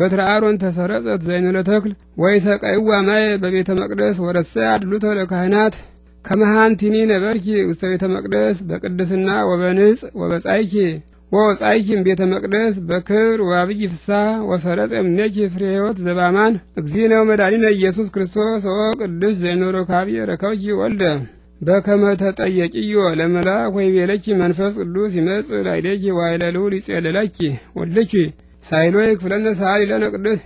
በትረ አሮን ተሰረጸት ዘይኑ ለተክል ወይ ሰቀይዋ ማይ በቤተ መቅደስ ወረሰ አድሉተ ለካህናት ከመሃንቲኒ ነበርኪ ውስተ ቤተ መቅደስ በቅድስና ወበንጽ ወበጻይኪ ወወጻይኪም ቤተ መቅደስ በክብር ወአብይ ፍሳ ወሰረጸ እምኔኪ ፍሬ ሕይወት ዘባማን እግዚእነ መድኃኒነ ኢየሱስ ክርስቶስ ቅዱስ ዘይኑ ረካብየ ረከብኪ ወልደ በከመ ተጠየቂዮ ወይ ወይቤለኪ መንፈስ ቅዱስ ይመጽእ ላዕሌኪ ዋይለልዑል ይጼልለኪ ወልኪ ሳይሎ ይክፍለነ ሰዓሊ ለነ ቅዱስ